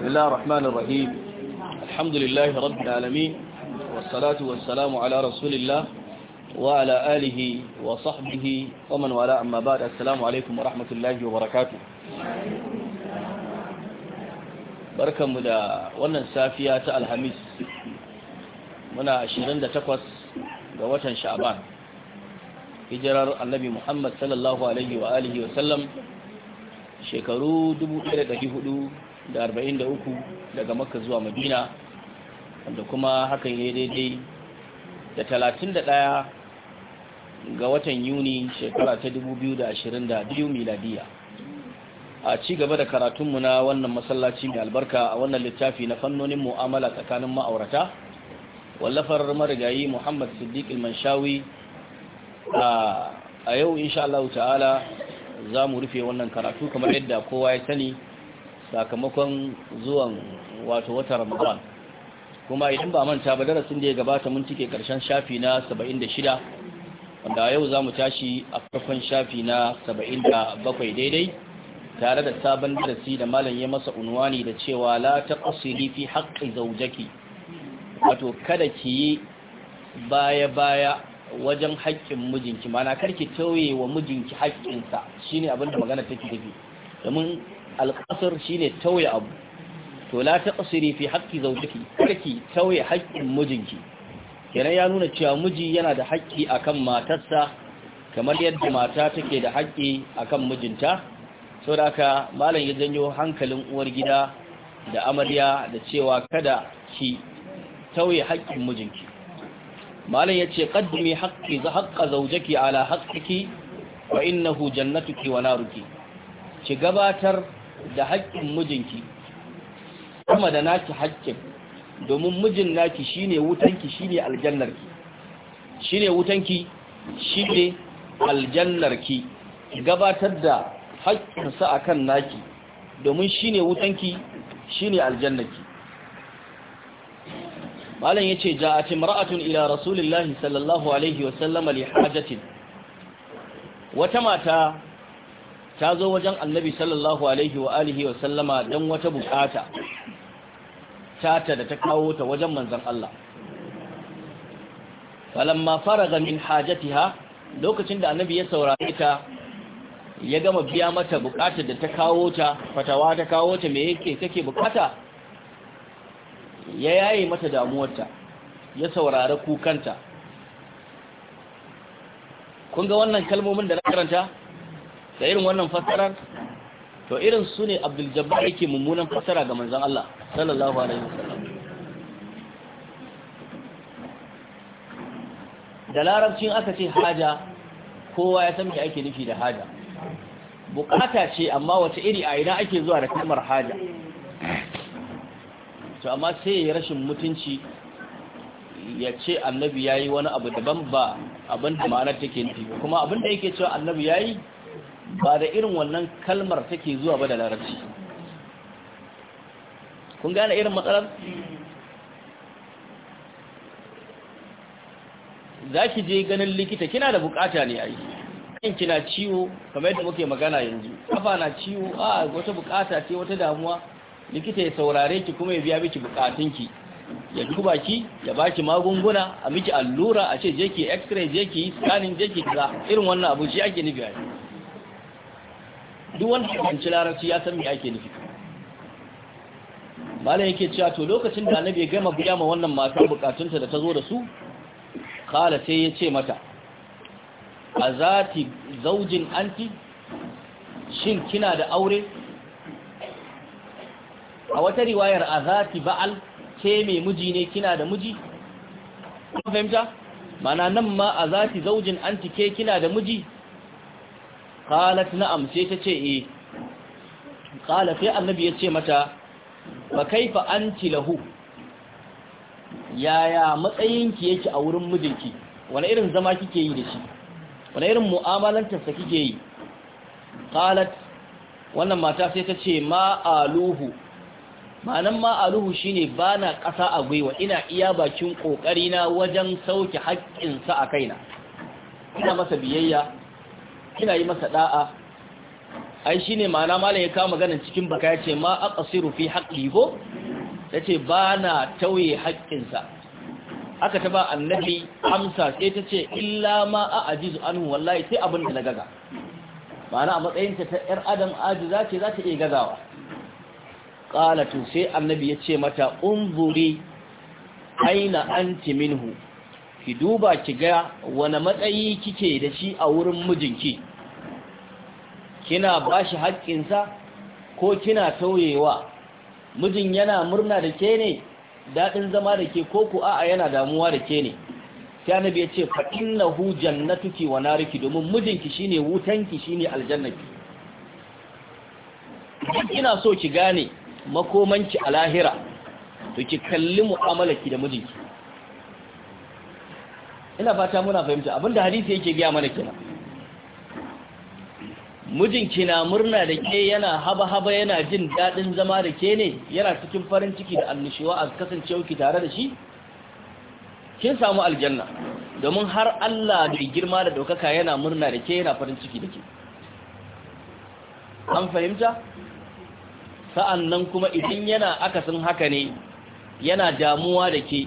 بسم الله الرحمن الرحيم الحمد لله رب العالمين والصلاة والسلام على رسول الله وعلى آله وصحبه ومن والاه أما بعد السلام عليكم ورحمة الله وبركاته barkanmu da wannan safiya ta alhamis muna 28 ga watan sha'ban hijirar annabi muhammad sallallahu alaihi wa alihi wa sallam shekaru 1400 da arba'in da uku daga makka zuwa madina wanda kuma hakan ya daidai da talatin da ɗaya ga watan yuni shekara ta dubu biyu da ashirin da biyu miladiya a ci gaba da karatunmu na wannan masallaci mai albarka a wannan littafi na fannonin mu'amala tsakanin ma'aurata wallafar marigayi muhammad siddiq ilmanshawi a yau insha ta'ala za mu rufe wannan karatu kamar yadda kowa ya sani sakamakon zuwan wato wata ramadan kuma idan ba manta ba darasin da ya gabata mun cike karshen shafi na 76 wanda yau za mu tashi a farkon shafi na 77 daidai tare da sabon darasi da malam ya masa unwani da cewa la taqsili fi haqqi zawjaki wato kada ki yi baya baya wajen haƙƙin mijinki mana karki tauye wa mijinki haƙƙinsa shine abinda magana take tafi domin alƙasar shine tauye abu to la taqsiri fi haqqi zawjiki kake tauye haƙƙin mijinki kenan ya nuna cewa miji yana da haƙƙi akan matarsa kamar yadda mata take da haƙƙi akan mijinta saboda haka malam ya janyo hankalin uwar gida da amarya da cewa kada ki tauye haƙƙin mijinki malam yace qaddimi haqqi za haqqa zawjiki ala haqqiki wa innahu jannatuki wa naruki ki gabatar da haƙƙin mijinki kuma da naki haƙƙin domin mijin naki shine wutanki shine aljannarki shine wutanki shine aljannarki gabatar da haƙƙinsa akan naki domin shine wutanki shine aljannarki malam yace ja'at imra'atun ila rasulillahi sallallahu alaihi wa sallam li hajatin wata mata ta zo wajen annabi sallallahu alaihi wa alihi wa sallama don wata bukata tata da ta kawo ta wajen manzan Allah falamma faraga min hajatiha lokacin da annabi ya saurare ta ya gama biya mata bukatar da ta kawo ta fatawa ta kawo ta me yake take bukata ya yayi mata damuwarta ya saurare kukanta kun ga wannan kalmomin da na karanta da irin wannan fassarar to irin su ne abdul jabbar yake mummunan fassara ga manzon Allah sallallahu alaihi wasallam da larabcin aka ce haja kowa ya san me ake nufi da haja bukata ce amma wace iri a idan ake zuwa da kalmar haja to amma sai ya rashin mutunci ya ce annabi yayi wani abu daban ba abin da ma'anar take nufi kuma abin da yake cewa annabi yayi ba da irin wannan kalmar take zuwa ba da larabci kun gane irin matsalar za ki je ganin likita kina da bukata ne ai kan kina ciwo kamar yadda muke magana yanzu kafa na ciwo a wata bukata ce wata damuwa likita ya saurare ki kuma ya biya miki bukatunki ya duba ki ya baki magunguna a miki allura a ce je ki x-ray je ki scanning je ki kaza irin wannan abu shi ake nufi duk wanda ya fahimci larabci ya san me ake nufi malam yake cewa to lokacin da annabi ya gama biya ma wannan matan bukatunta da ta zo da su kala sai ya ce mata a zati zaujin anti shin kina da aure a wata riwayar a zati ba'al ke mai miji ne kina da miji fahimta mana nan ma a zaujin anti ke kina da miji qalat na'am sai ta ce eh qala sai annabi ya ce mata fa kaifa anti lahu yaya matsayinki yake a wurin mijinki wani irin zama kike yi da shi wani irin mu'amalantarsa kike yi qalat wannan mata sai ta ce ma'aluhu ma'anan ma'aluhu shine bana ƙasa a gwiwa ina iya bakin ƙoƙari na wajen sauke haƙƙinsa a kaina ina masa biyayya kina yi masa da'a ai shine ma'ana malam ya kawo maganar cikin baka ya ce ma aqsiru fi haqqi ko yace ba na tauye sa aka ta ba annabi amsa sai ta ce illa ma a ajizu anhu wallahi sai abin da na gaga ma'ana a matsayinta ta ‘yar adam ajiza ce za ta iya gazawa ƙalatu sai annabi ya ce mata unzuri aina anti minhu ki duba ki ga wani matsayi kike da shi a wurin mijinki kina bashi haƙƙinsa ko kina tauyewa mijin yana murna da ke ne daɗin zama da ke ko kuwa yana damuwa da ke ne sai annabi ya ce fa na tuki wa riki domin mijinki shi ne wutanki ne aljannaki ina so ki gane makomanki a lahira to ki kalli mu'amalarki da mijinki ina fata muna fahimta abinda hadisi yake gaya mana kenan ki na murna da ke yana haba-haba yana jin daɗin zama da ke ne yana cikin farin ciki da annishewa a kasancewarki tare da shi kin samu aljanna domin har Allah da girma da ɗaukaka yana murna da ke yana farin ciki da ke an fahimta Sa'annan kuma idan yana akasin haka ne yana damuwa da ke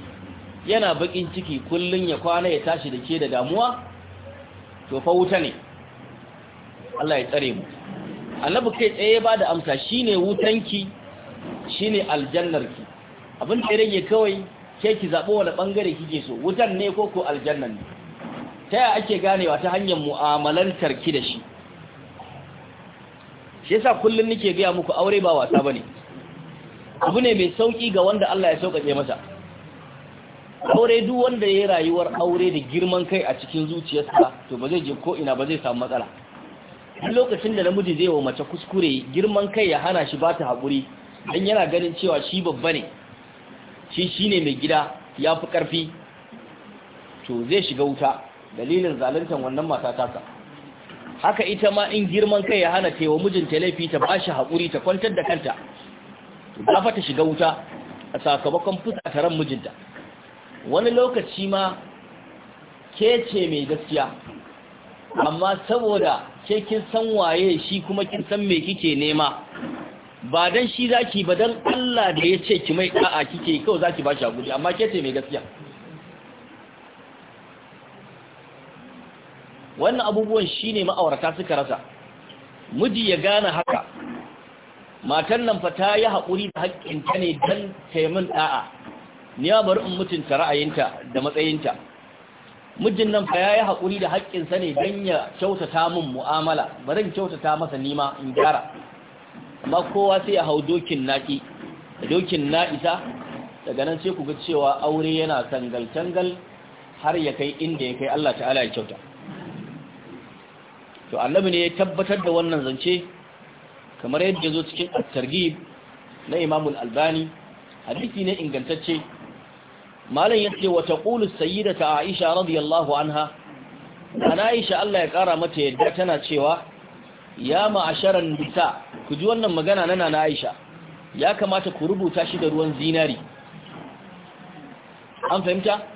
yana baƙin ciki kullum ya kwana ya tashi da ke da damuwa to fa wuta ne Allah ya tsare mu annabi kai tsaye ba da amsa shine wutanki shine aljannarki abin da ya rage kawai ke ki zaɓo wani ɓangare kike so wutan ne ko ko aljannan ne ta yaya ake ganewa ta hanyar mu'amalantar ki da shi shi yasa kullum nake gaya muku aure ba wasa bane abu ne mai sauki ga wanda Allah ya sauƙaƙe masa aure duk wanda ya yi rayuwar aure da girman kai a cikin zuciyarsa to ba zai je ko ina ba zai samu matsala duk lokacin da namiji zai wa mace kuskure girman kai ya hana shi ba ta haƙuri don yana ganin cewa shi babba ne shi shi ne mai gida ya fi ƙarfi to zai shiga wuta dalilin zaluntar wannan mata taka haka ita ma in girman kai ya hana taiwa mijinta laifi ta ba shi haƙuri ta kwantar da kanta ta fata shiga wuta a sakamakon fusataran mijinta wani lokaci ma ke ce mai gaskiya amma saboda ke kin san waye shi kuma kin san me kike nema ba dan shi zaki ba dan Allah da ya ce ki mai da'a kike kawai zaki ba shi hakuri amma ke ce mai gaskiya wannan abubuwan shine ma'aurata suka rasa miji ya gane haka matan nan fa ta yi hakuri da haƙƙinta ne dan taimin da'a ni ya bari in mutunta ra'ayinta da matsayinta mijin nan fa yi hakuri da haƙƙinsa ne dan ya kyautata min mu'amala ba zan kyautata masa nima in gyara amma kowa sai ya hau dokin naki dokin na'isa daga nan sai ku ga cewa aure yana tangal tangal har ya kai inda ya kai Allah ta'ala ya kyauta to annabi ne ya tabbatar da wannan zance kamar yadda ya zo cikin at-targhib na Imam al-Albani hadisi ne ingantacce malam ya yace wa taqulu sayyidata aisha radiyallahu anha ana aisha Allah ya kara mata yadda tana cewa ya ma'asharan nisa ku ji wannan magana nana na aisha ya kamata ku rubuta shi da ruwan zinari an fahimta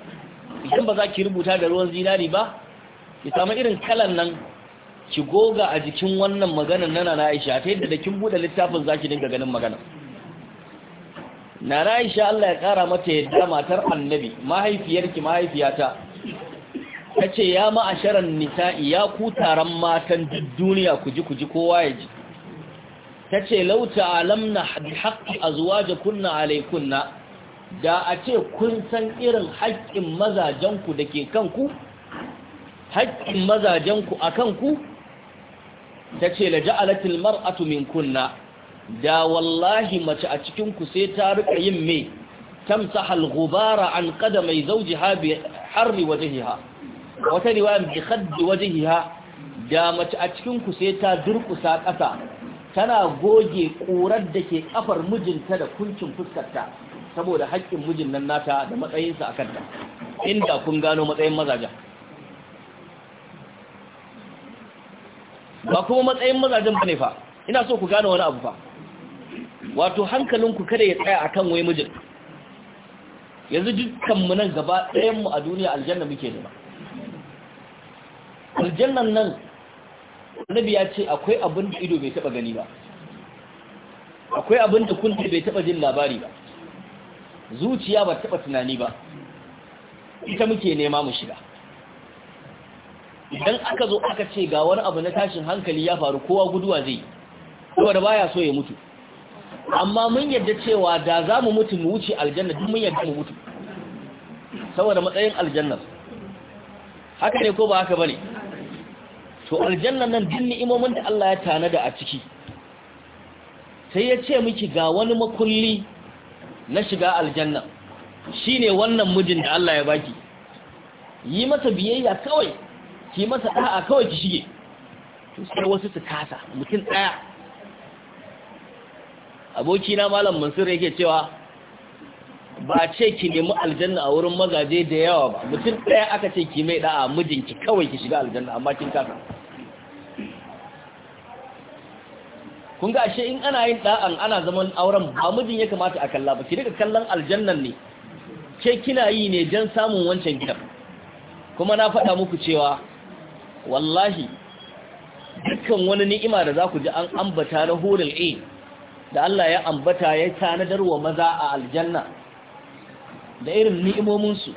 idan ba za ki rubuta da ruwan zinari ba ki samu irin kalan nan ki goga a jikin wannan maganar nana na aisha ta yadda da kin bude littafin zaki dinga ganin maganar na Aisha Allah ya kara mata yadda matar annabi mahaifiyarki mahaifiyata ta ce ya ma'asharan nisa'i ya ku taron matan duniya ku ji ku ji kowa ya ji ta ce lauta alamna lamna haƙƙi a zuwa da kunna alaikunna da a ce kun san irin haƙƙin mazajenku da ke kanku haƙƙin mazajenku a kanku ta ce la ja'alatul mar'atu min kunna da wallahi mace a cikin ku sai ta rika yin me tamsaha al-ghubara an qadamai zawjiha bi harri wajhiha wata riwaya bi khaddi wajhiha da mace a cikin ku sai ta durkusa ƙasa tana goge ƙurar dake kafar mijinta da kuncin fuskarta saboda haƙƙin mijin nan nata da matsayinsa a kanta inda kun gano matsayin mazajen ba kuma matsayin mazajen bane fa ina so ku gano wani abu fa wato hankalin ku kada ya tsaya akan wai mijin yanzu dukkanmu nan gaba ɗayan mu a duniya aljanna muke nema aljannan nan annabi ya ce akwai abin da ido bai taba gani ba akwai abin da kunne bai taba jin labari ba zuciya ba taba tunani ba ita muke nema mu shiga idan aka zo aka ce ga wani abu na tashin hankali ya faru kowa guduwa zai yi, saboda baya so ya mutu amma mun yadda cewa da za mu mutu mu wuce aljanna duk mun yadda mu mutu saboda matsayin aljanna. haka ne ko ba haka bane to aljanna nan duk ni'imomin da Allah ya tanada a ciki sai ya ce miki ga wani makulli na shiga aljanna shine wannan mijin da Allah ya baki yi masa biyayya kawai ki masa ɗa'a kawai ki shige to sai wasu su kasa mutum ɗaya. abokina malam mansur yake cewa ba a ce ki nemi aljanna a wurin mazaje da yawa ba mutum ɗaya aka ce ki mai da'a mijinki kawai ki shiga aljanna amma kin kasa kun ga ashe in ana yin da'an ana zaman auren ba mijin ya kamata a kalla ba ki daga kallon aljannan ne ce kina yi ne don samun wancan gidan kuma na faɗa muku cewa wallahi dukkan wani ni'ima da za ku ji an ambata na horin A. da Allah ya ambata ya tanadar wa maza a aljanna da irin ni'imominsu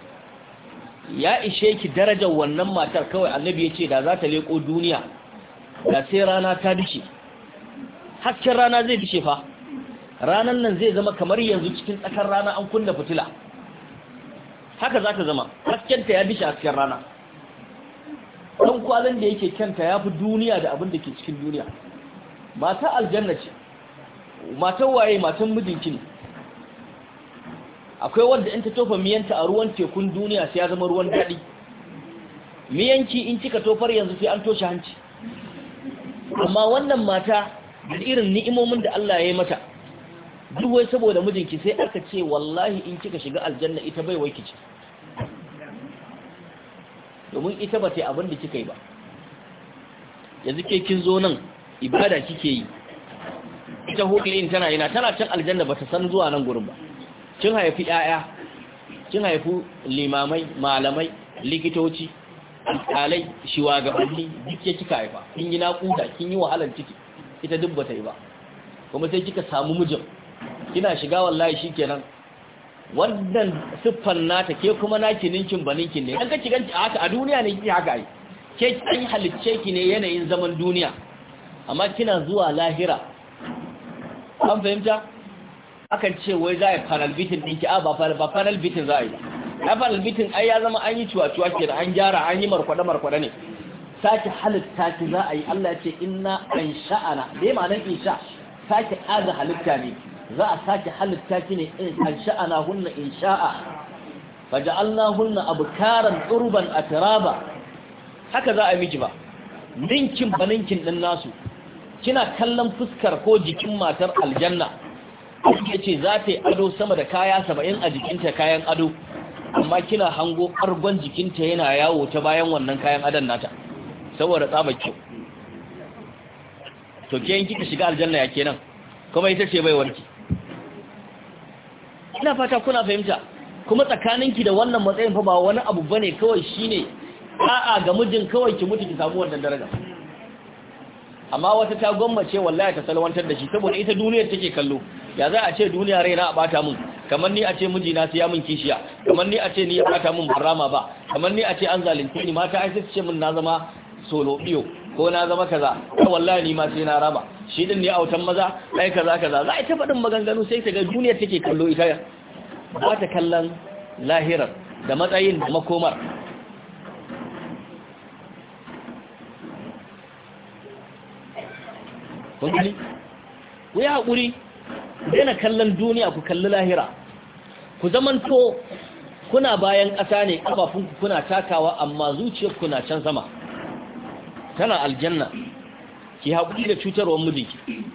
ya ishe ki darajar wannan matar kawai annabi ya ce da za ta leko duniya da sai rana ta dishe hasken rana zai dishe fa ranan nan zai zama kamar yanzu cikin tsakar rana an kunna fitila haka za ta zama haskenta ya dishe hasken rana ɗan kwalin da yake kyanta ya fi duniya da abin da ke cikin duniya mata aljanna ce matan waye matan mijinki ne akwai wanda in ta tofa miyanta a ruwan tekun duniya sai ya zama ruwan daɗi miyanki in kika tofar yanzu sai an toshe hanci amma wannan mata da irin ni'imomin da Allah ya yi mata duk wai saboda mijinki sai aka ce wallahi in kika shiga aljanna ita bai wai kici domin ita ba ta abin da kika yi ba yanzu ke kin zo nan ibada kike yi ita hudul in tana ina tana cin aljanna ta san zuwa nan gurin ba kin haifi yaya kin haifu limamai malamai likitoci alai shiwagabanni duk ya kika haifa kin yi naƙuda kin yi wahalar ciki ita duk ta yi ba kuma sai kika samu mijin kina shiga wallahi shikenan wannan siffan nata ke kuma naki ninkin ba ninkin ne ka kiganci haka a duniya ne ki haka ai ke an halicce ki ne yanayin zaman duniya amma kina zuwa lahira an fahimta akan ce wai za a yi panel beating ɗinki a ba panel beating za a yi na panel beating ai ya zama an yi cuwa-cuwa ke an gyara an yi markwada-markwada ne sake halitta ki za a yi Allah ce inna an sha'ana da yi ma'anar insha sake aza halitta ne za a sake halitta ki ne in an sha'ana hunna in sha'a faja'alna hunna abkaran turban tiraba. haka za a yi miji ba ninkin ba ninkin din nasu kina kallon fuskar ko jikin matar aljanna ya ce za ta yi ado sama da kaya saba'in a jikinta kayan ado amma kina hango argon jikinta yana yawo ta bayan wannan kayan adon nata saboda tsabar kyau to ke yin kika shiga aljanna ya kenan kuma ita ce bai warki ina fata kuna fahimta kuma tsakaninki da wannan matsayin fa ba wani abu bane kawai shine a'a ga mijin kawai ki mutu ki samu wannan daraja amma wata ta gwammace wallahi ta salwantar da shi saboda ita duniyar take kallo ya za a ce duniya raina a bata mun kamar ni a ce mijina sai ya mun kishiya kamar ni a ce ni ya bata mun barama ba kamar ni a ce an zalunce ni mata ai sai ce mun na zama solo biyo ko na zama kaza ko wallahi ni ma sai na raba shi din ne autan maza Ɗaya kaza kaza za a ta faɗin maganganu sai ta ga duniyar take kallo ita ba ta kallon lahirar da matsayin da makomar kwanjini ku yi haƙuri ku daina kallon duniya ku kalli lahira ku zamanto kuna bayan ƙasa ne ƙafafunku kuna takawa amma zuciyar kuna can sama tana aljanna ki haƙuri da cutarwar mijinki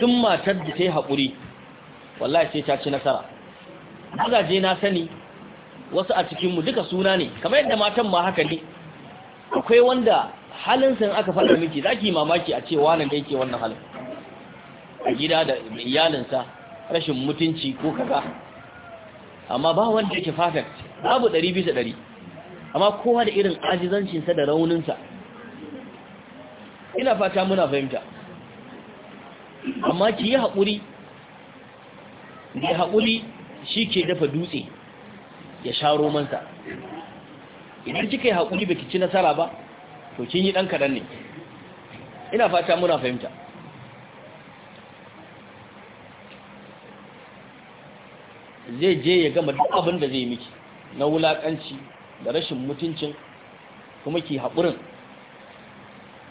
duk matar da ta yi haƙuri wallahi sai ta ci nasara mazaje na sani wasu a cikinmu duka suna ne kamar yadda matan ma haka ne akwai wanda halin sun aka faɗa miki zaki mamaki a ce nan da yake wannan halin a gida da iyalinsa rashin mutunci ko kaza amma ba wanda yake perfect babu ɗari bisa ɗari amma kowa da irin ajizancinsa da rauninsa ina fata muna fahimta amma ki yi haƙuri da haƙuri shi ke dafa dutse ya sha romansa idan kika yi hakuri baki ci nasara ba to kin yi dan kadan ne ina fata muna fahimta zai je ya gama duk abin da zai miki na wulakanci da rashin mutuncin kuma ki haƙurin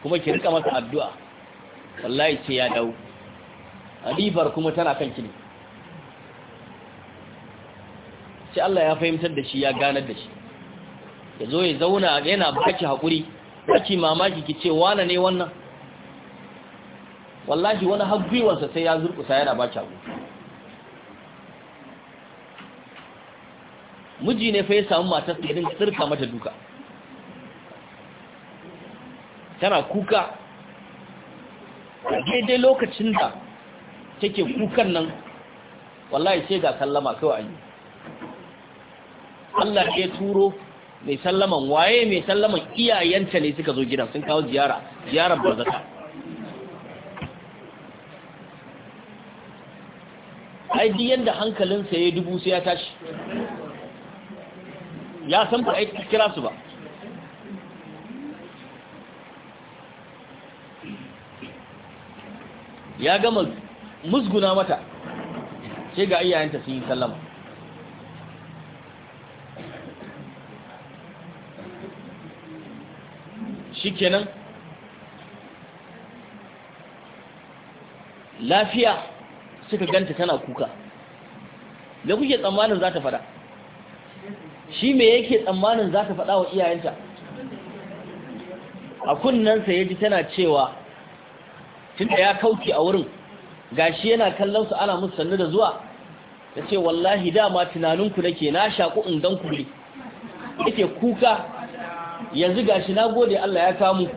kuma ki rika masa addu'a wallahi sai ya dawo ribar kuma tana kan ki ne sai Allah ya fahimtar da shi ya ganar da shi ya zo ya zauna yana baki haƙuri ki mamaki ki ce wane ne wannan wallahi wani haggwiwansa sai ya zurkusa yana ba ki abu miji ne fa ya samu matar ta irin tsirka mata duka tana kuka daidai lokacin da take kukan nan wallahi sai ga kallama kawai Allah ya turo mai sallaman waye mai sallaman iyayenta ne suka zo gidan sun kawo ziyara ziyarar barzaka ai duk yanda hankalinsa ya dubu sai ya tashi ya san ba a kira su ba ya gama musguna mata sai ga iyayenta sun yi sallama shikenan lafiya suka ganta tana kuka da kuke tsammanin za ta fada shi me yake tsammanin za ta fada wa iyayenta a kunnensa ya ji tana cewa da ya kauki a wurin gashi yana kallon su ana musu sannu da zuwa Ta ce wallahi dama tunaninku nake na shaku in gan kuri yake kuka yanzu gashi na gode Allah ya kamu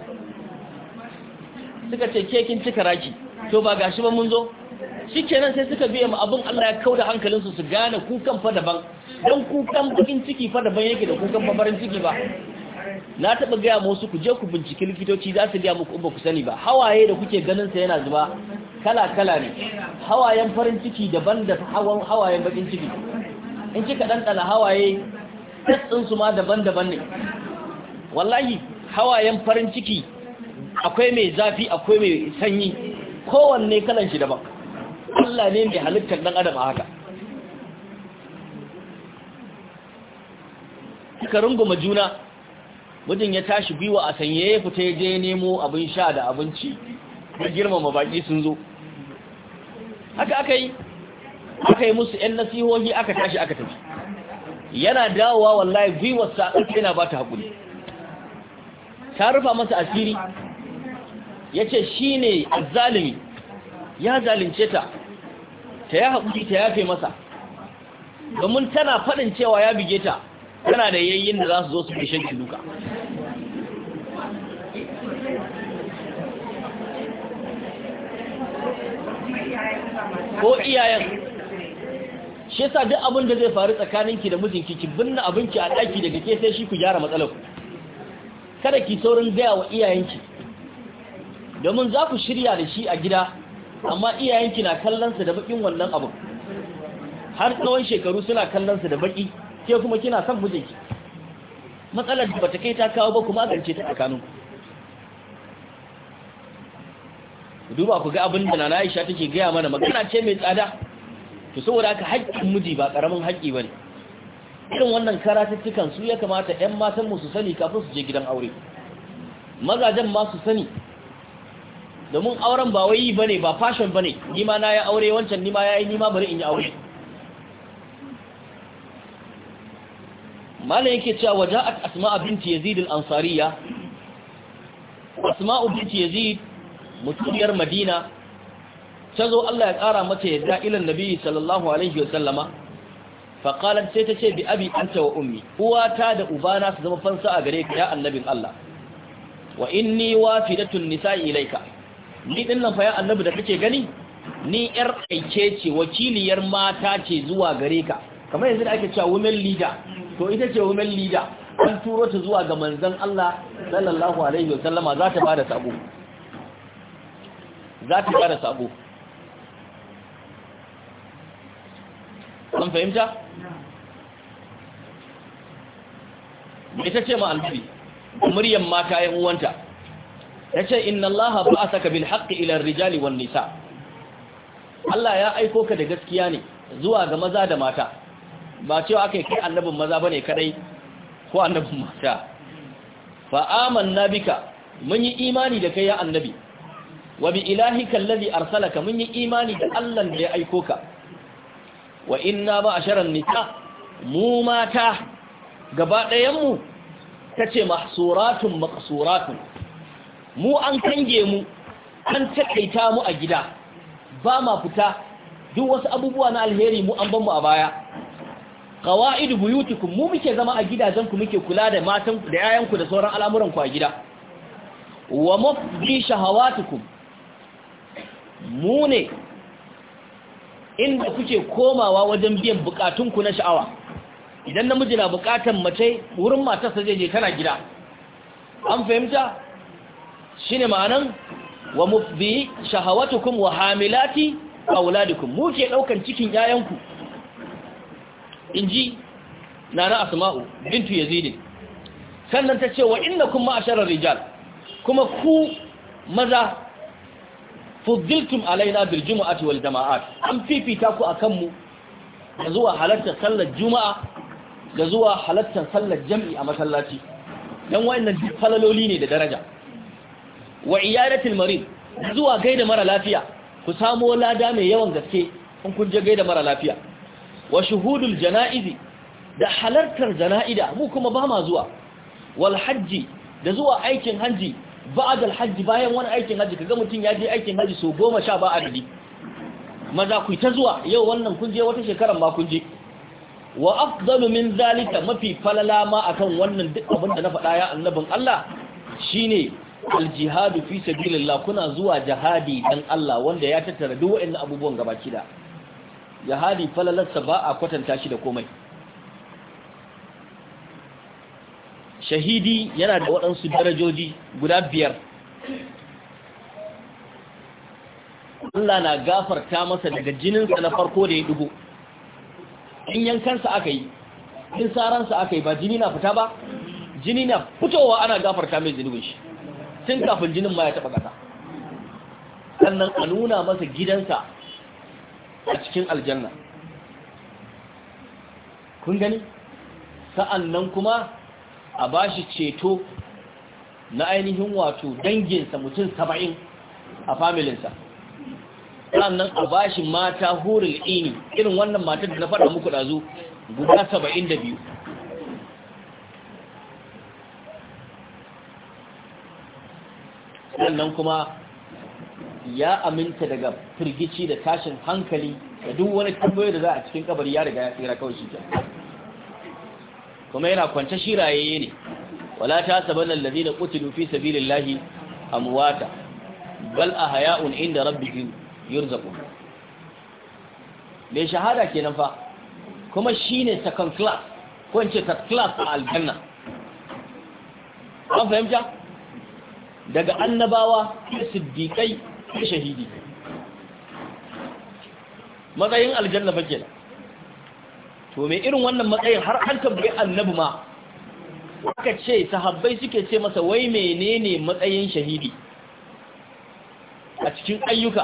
suka ce kekin cika raki to ba gashi ba mun zo shikenan sai suka biya mu abun Allah ya kauda hankalinsu su gane kukan fa daban dan kukan bakin ciki fa daban yake da kukan babarin ciki ba na taba gaya musu ku je ku binciki likitoci za su gaya muku ba ku sani ba hawaye da kuke ganin sa yana zuba kala kala ne hawayen farin ciki daban da hawan hawayen bakin ciki in kika dan hawaye tsatsin su ma daban-daban ne wallahi hawayen farin ciki akwai mai zafi akwai mai sanyi kowanne kalan shi daban Allah ne mai halittar dan adam a haka ka runguma juna mijin ya tashi biwa a sanye ya fita ya je nemo abin sha da abinci da girmama baki sun zo haka aka yi aka yi musu 'yan nasihohi aka tashi aka tafi yana dawowa wallahi gwiwarsa yana ba ta haƙuri ta rufa masa asiri ya ce shi ne azzalimi ya zalunce ta ta ya haƙuri ta yafe masa domin tana faɗin cewa ya bige ta tana da yayin da za su zo su fi shan duka ko iyayen shi sa duk abin da zai faru tsakaninki da mijinki ki binne abinki a ɗaki daga ke sai shi ku gyara matsalar ku kada ki saurin gaya wa iyayenki domin za ku shirya da shi a gida amma iyayenki na kallonsa da bakin wannan abu har tsawon shekaru suna kallonsa da baki ke kuma kina son mijinki matsalar da bata kai ta kawo ba kuma gance ta tsakanin ku duba ku ga abin da Nana Aisha take gaya mana magana ce mai tsada to saboda haka haƙƙin miji ba ƙaramin haƙƙi bane irin wannan karatattukan su ya kamata 'yan matan mu su sani kafin su je gidan aure mazajen ma sani domin auren ba wai bane ba fashion bane ne, nima na ya aure wancan ni ma yi ni bari in yi aure malam yake cewa a asma binti Yazidin ansariya asma binti yazid mutuniyar madina ta zo Allah ya kara mata yadda ilan nabi sallallahu alaihi wasallama faƙalar sai ta ce bi abi wa ummi uwata da ubana su zama fansa a gare ka ya annabin Allah wa inni wafidatun nisa'i ilaika ni din nan fa ya annabi da kake gani ni yar aike ce wakiliyar mata ce zuwa gare ka kamar yanzu da ake cewa women leader to ita ce women leader an turo ta zuwa ga manzon Allah sallallahu alaihi wasallama za ta bada sabo za ta bada sabo an fahimta mai ta ce ma annabi muryan mata yan uwanta ta ce inna Allah ba'athaka bil haqqi ila ar-rijali wan nisa Allah ya aiko ka da gaskiya ne zuwa ga maza da mata ba cewa akai kai annabin maza bane kadai ko annabin mata fa amanna bika mun yi imani da kai ya annabi wa bi ilahika allazi arsalaka mun yi imani da Allah da ya aiko ka wa inna shirin nisa mu mata gaba ɗayanmu ta tace mahsuratun maqsuratun mu an kange mu an takaita mu a gida ba ma fita duk wasu abubuwa na alheri mu an ban a baya ƙawa'idu buyutikum mu muke zama a gidajen ku muke kula da matan da yayan da sauran al'amuran ku a gida wa mafdi shahawatukum mu ne inda kuke komawa wajen biyan bukatunku na sha'awa idan namiji na bukatan mace wurin matarsa zai je tana gida an fahimta shine ma'anan wa mufbi shahawatukum wa hamilati auladikum mu ke daukan cikin yayanku inji nana asma'u bintu yazid sannan ta ce wa innakum ma'ashara rijal kuma ku maza fuddiltum alaina bil jumu'ati wal jama'at an fifita ku akan mu da zuwa halartar sallar juma'a da zuwa halartar sallar jami'i a masallaci dan wayannan duk falaloli ne da daraja wa iyadatil marid zuwa gaida mara lafiya ku samo lada mai yawan gaske in kun je gaida mara lafiya wa shuhudul janaizi da halartar jana'ida mu kuma ba ma zuwa wal hajji da zuwa aikin hajji ba'ad hajji bayan wani aikin haji kaga mutum ya je aikin haji so goma sha ba adadi maza ku ta zuwa yau wannan kun je wata shekaran ma kun je wa afdalu min zalika mafi falala ma akan wannan duk abin da na faɗa ya annabin Allah shine aljihadu fi sabilillah kuna zuwa jihadi dan Allah wanda ya tattara duk wa'annan abubuwan gabaki da jihadi falalarsa ba a kwatanta shi da komai shahidi yana da waɗansu darajoji guda biyar Allah na gafarta masa daga jininsa na farko da ya dugo in yankansa aka yi in saransa aka yi ba jini na fita ba jini na fitowa ana gafarta mai zinubin shi tun kafin jinin ma ya taɓa ƙasa sannan a nuna masa gidansa a cikin aljanna kun gani sa'an nan kuma a bashi ceto na ainihin wato danginsa mutum saba'in a familinsa sannan a shi mata hurin ini irin wannan matar da na faɗa muku ɗazu guda saba'in da biyu sannan kuma ya aminta daga firgici da tashin hankali da duk wani tambayoyi da za a cikin kabari ya riga ya tsira kawai shi kuma yana kwance shiraye ne wala ta saban da qutilu fi sabilillahi amwata bal ahya'un inda rabbihim yurzaqun mai shahada kenan fa kuma shine second class ko ince third class a aljanna an fahimta daga annabawa siddiqai shahidi matsayin aljanna fa kenan to me irin wannan matsayin har an tabbai annabi ma aka ce sahabbai suke ce masa wai menene matsayin shahidi a cikin ayyuka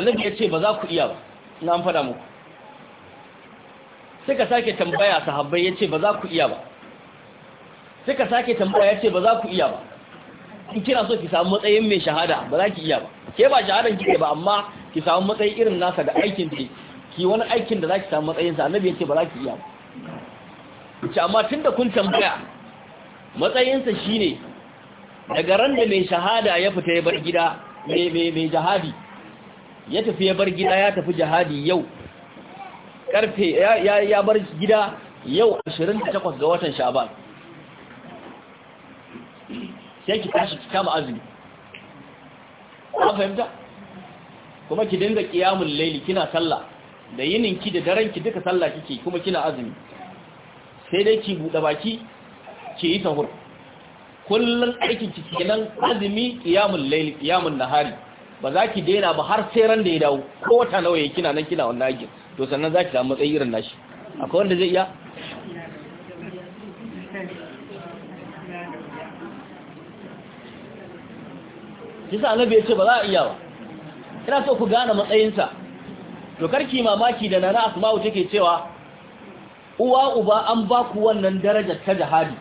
annabi ya ce ba za ku iya ba na an faɗa muku suka sake tambaya sahabbai ya ce ba za ku iya ba suka sake tambaya ya ce ba za ku iya ba in kina so ki samu matsayin mai shahada ba za ki iya ba ke ba shahadan kike ba amma ki samu matsayin irin nasa da aikin da ki wani aikin da zaki samu matsayin sa annabi ce ba za ki iya ba ce amma tun da kun tambaya matsayin sa shine daga ran da mai shahada ya fita ya bar gida mai mai mai jihadi ya tafi ya bar gida ya tafi jihadi yau karfe ya ya bar gida yau 28 ga watan sha'ban sai ki tashi ki kama azumi an fahimta kuma ki dinga kiyamun laili kina sallah da yininki da daranki duka sallah kike kuma kina azumi sai dai ki buɗe baki ki yi sahur kullun aikin ki kenan azumi qiyamul layl qiyamun nahari ba za ki daina ba har sai ran da ya dawo ko wata nawa yake kina nan kina wannan aikin to sannan za ki samu matsayi irin nashi akwai wanda zai iya kisa annabi ya ce ba za a iya ba ina so ku gane matsayinsa to karki mamaki da nana asma'u take cewa uwa uba an ba ku wannan darajar ta jihadi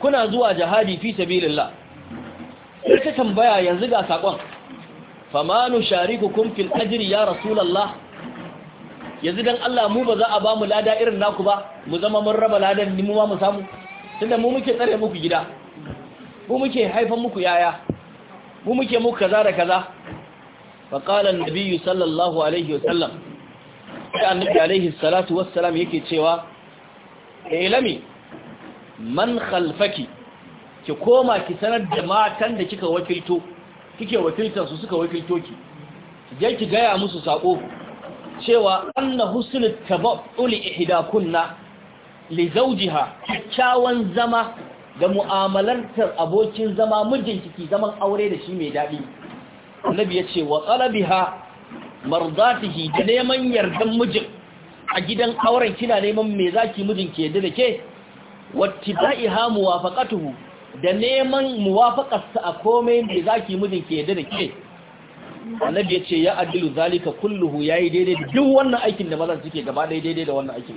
kuna zuwa jihadi fi sabilillah sai ta tambaya yanzu ga sakon Famanu nusharikukum fil ajri ya rasulullah yanzu dan Allah mu ba za a ba mu lada irin naku ba mu zama mun raba ladan mu ma mu samu tunda mu muke tsare muku gida mu muke haifan muku yaya mu muke muku kaza da kaza فقال النبي صلى الله عليه وسلم النبي عليه الصلاة والسلام يكي تشوى إعلمي من خلفك كوما كسند جماعة لكي وكلتو kike wakiltar su suka wakilto ki je ki gaya musu sako cewa anna husnul tabaddul ihdakunna li zawjiha kyakkyawan zama da mu'amalantar abokin zama mijinki ki zaman aure da shi mai dadi annabi ya ce wa talabiha mardatihi da neman yardan mijin a gidan auren kina neman me zaki mijin ke da ke wattiba'iha muwafaqatuhu da neman muwafaqarsa a komai me zaki mijin ke da ke annabi ya ce ya adilu zalika kulluhu yayi daidai da duk wannan aikin da maza suke gaba daidai da wannan aikin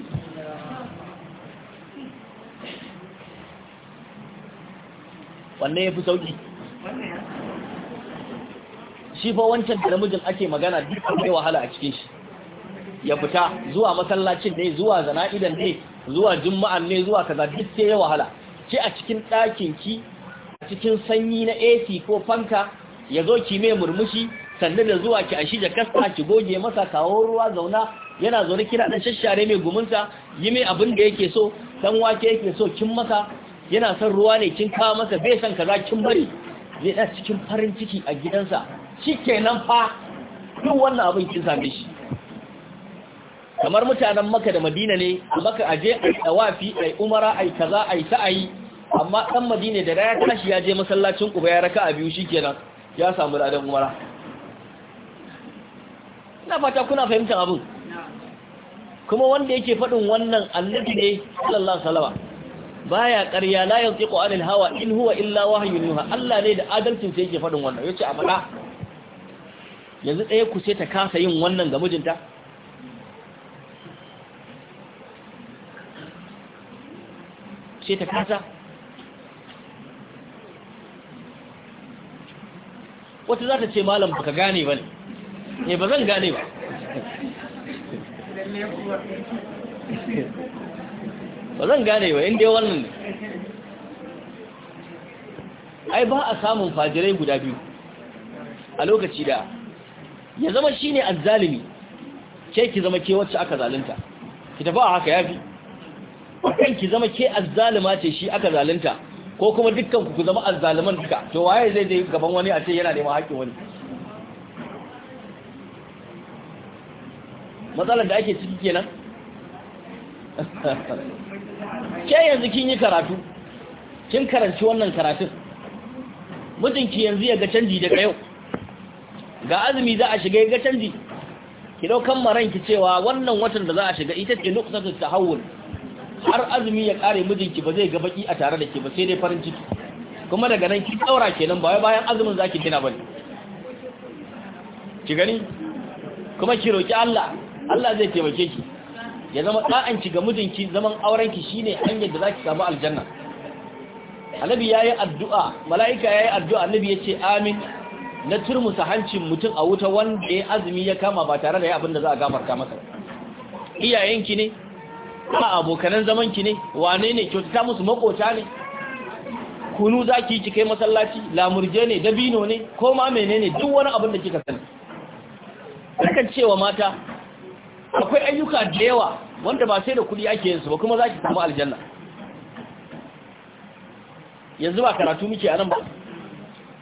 wannan fi sauki shi fa wancan da namijin ake magana duk kai wahala a cikin shi ya fita zuwa masallacin ne zuwa zana'idan ne zuwa juma'an ne zuwa kaza duk sai ya wahala ce a cikin ɗakin ki a cikin sanyi na AC ko fanka ya zo ki mai murmushi sannan da zuwa ki ashi kasta ki goge masa kawo ruwa zauna yana zaune kina dan shashare mai gumunsa yi mai abin da yake so dan wake yake so kin masa yana son ruwa ne kin kawo masa bai san kaza kin bari zai da cikin farin ciki a gidansa shi kenan fa duk wannan abin kin same shi kamar mutanen maka da madina ne maka aje a tawafi ai umara ai kaza ai yi. amma dan madina da ya tashi ya je masallacin kuba ya raka a biyu nan, ya samu ladan umara ina fata kuna fahimtar abin kuma wanda yake faɗin wannan annabi ne sallallahu alaihi wasallam baya ƙarya la yantiqu anil hawa in huwa illa wahyun yuha Allah ne da adalcin sa yake faɗin wannan yace a faɗa yanzu ɗaya ku sai ta kasa yin wannan ga mijinta sai ta kasa wata za ta ce malam baka gane ba ne ne eh, ba zan gane ba ba zan gane ba inda yawan ne ai ba a samun fajirai guda biyu a lokaci da ya zama shi ne azzalimi ke ki zama ke wacce aka zalunta ki tafi a haka ya fi kan ki zama ke azzalima ce shi aka zalunta ko kuma dukkan ku zama azzaliman duka to waye zai zai gaban wani a ce yana neman haƙƙin wani matsalar da ake ciki kenan ke yanzu kin yi karatu kin karanci wannan karatun mutunki yanzu ya ga canji daga yau ga azumi za a shiga ga canji ki daukan maran ki cewa wannan watan da za a shiga ita ce ta tahawul har azumi ya kare mijinki ba zai ga baki a tare da ke ba sai dai farin ciki kuma daga nan ki daura kenan ba bayan azumin zaki kina bane ki gani kuma ki roki Allah Allah zai taimake ki ya zama da'anki ga mijinki zaman aurenki shine hanyar da zaki samu aljanna annabi yayi addu'a mala'ika yayi addu'a annabi yace amin na turmusa hancin mutum a wuta wanda ya azumi ya kama ba tare da ya abin za a gafarta masa iyayenki ne ba abokanan zamanki ne wane ne kyautata musu makota ne kunu za ki yi kai masallaci lamurje ne dabino ne ko ma menene duk wani abin da kika sani kan cewa mata akwai ayyuka da yawa wanda ba sai da kuɗi ake yin su ba kuma za ki samu aljanna yanzu ba karatu muke a nan ba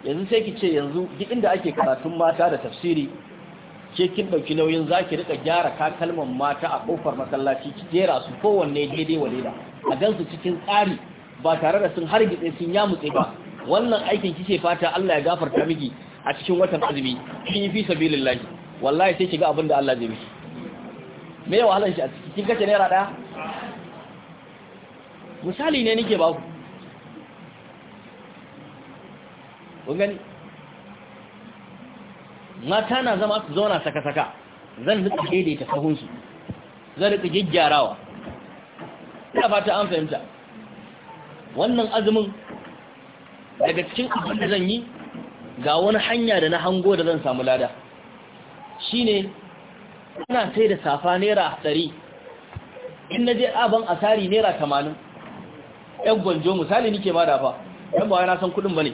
yanzu sai ki ce yanzu duk inda ake karatun mata da tafsiri ke kin dauki nauyin zaki rika gyara ka kalman mata a kofar masallaci ki jera su kowanne daidai wa leda a gansu cikin tsari ba tare da sun hargitse sun ya mutse ba wannan aikin kike fata Allah ya gafarta miki a cikin watan azumi kin yi fi sabilillahi wallahi sai kiga abin Allah zai miki me wahalar shi a cikin kace naira daya misali ne nake ba ku kun gani mata na zama su zauna saka-saka zan rika daidaita sahunsu zan rika gyaggyarawa ina fata an fahimta wannan azumin daga cikin abin da zan yi ga wani hanya da na hango da zan samu lada shine ina sai da safa naira tsari in na je aban asari naira tamanin 'yan gwanjo misali nike ma da fa 'yan bawa na san kudin ba ne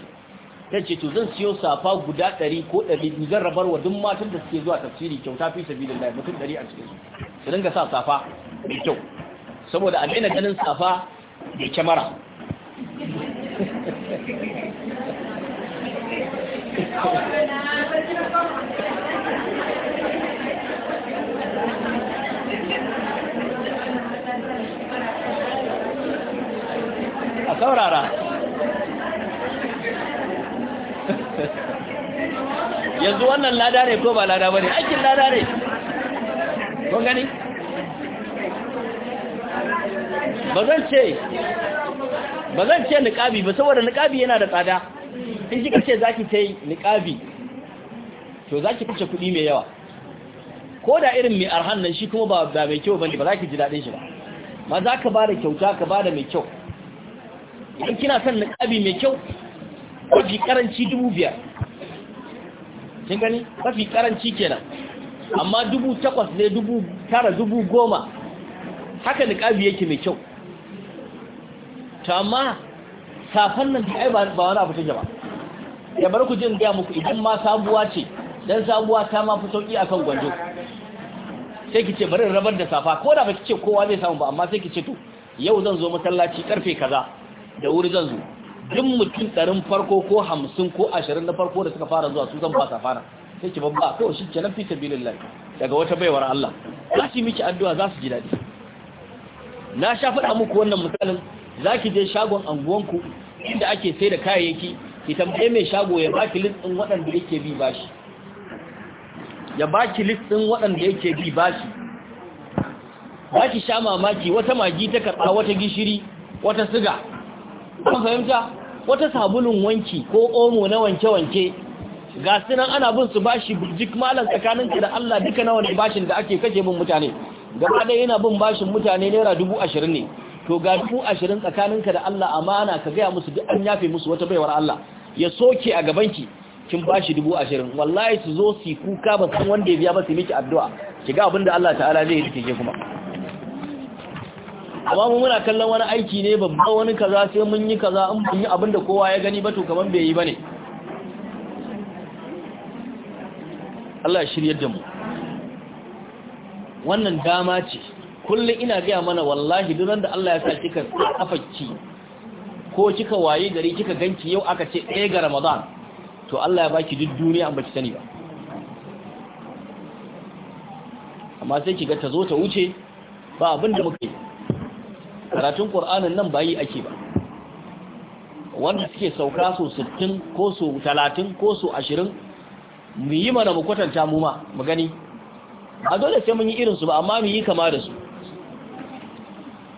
ta ce to zan siyo safa guda ɗari ko ɗari zan rabar wa duk matan da suke zuwa tafsiri kyauta fi sabi da mutum ɗari a cikin su su dinga sa safa mai kyau saboda a daina ganin safa da kyamara a saurara yanzu wannan lada ne ko ba lada ba ne aikin lada ne Ko gani ba zan ce ba zan ce niƙabi ba saboda niƙabi yana da tsada in shi ce za ki ta yi niƙabi to za ki kashe kuɗi mai yawa ko da irin mai arhan nan shi kuma ba mai kyau ba ne ba za ki ji daɗin shi ba ma za ka ba da kyauta ka ba da mai kyau in kina son niƙabi mai kyau mafi karanci dubu biyar kin gani mafi karanci kenan amma dubu takwas ne dubu tara dubu goma haka ƙabi yake mai kyau ta amma safan nan ai ba wani abu ta jama. ya bar ku jin gaya muku idan ma sabuwa ce dan sabuwa ta ma fi a akan gwanjo sai ki ce bari rabar da safa ko da ba ki ce kowa zai samu ba amma sai ki ce to yau zan zo masallaci karfe kaza da wuri zan zo duk mutum ɗarin farko ko hamsin ko ashirin na farko da suka fara zuwa su zan ba fara sai ki babba ko shi kenan fi lai daga wata baiwar Allah za su miki addu'a za su ji daɗi na sha faɗa muku wannan misalin za ki je shagon anguwanku inda ake sai da kayayyaki ki tambaye mai shago ya baki list ɗin waɗanda yake bi bashi ya baki list ɗin waɗanda yake bi bashi ba ki sha mamaki wata magi ta karɓa wata gishiri wata siga kan fahimta wata sabulun wanki ko omo na wanke-wanke ga sunan ana bin su bashi burjik malam tsakaninka da Allah duka nawa ne bashin da ake kake bin mutane gaba ɗaya yana bin bashin mutane naira dubu ashirin ne to ga dubu ashirin tsakaninka da Allah amana ka gaya musu duk an yafe musu wata baiwar Allah ya soke a gabanki kin bashi dubu ashirin wallahi su zo su kuka ba san wanda ya biya ba su miki addu'a ki ga abin da Allah ta'ala zai yi kuma amma mun muna kallon wani aiki ne babba wani kaza sai mun yi kaza in mun yi abinda kowa ya gani ba to kaman bai yi bane Allah ya shirye da mu wannan dama ce kullum ina gaya mana wallahi duk da Allah ya sa kika afakki ko kika waye gari kika ganki yau aka ce ɗaya ga Ramadan to Allah ya baki duk duniya an baki sani ba amma sai kiga ta zo ta wuce ba abin da muka yi karatun ƙur'anin nan bayi ake ba wanda suke sauka so sittin, ko so 30 ko so 20 mu yi mana mu kwatanta mu ma mu gani a dole sai mun yi irin su ba amma mu yi kama da su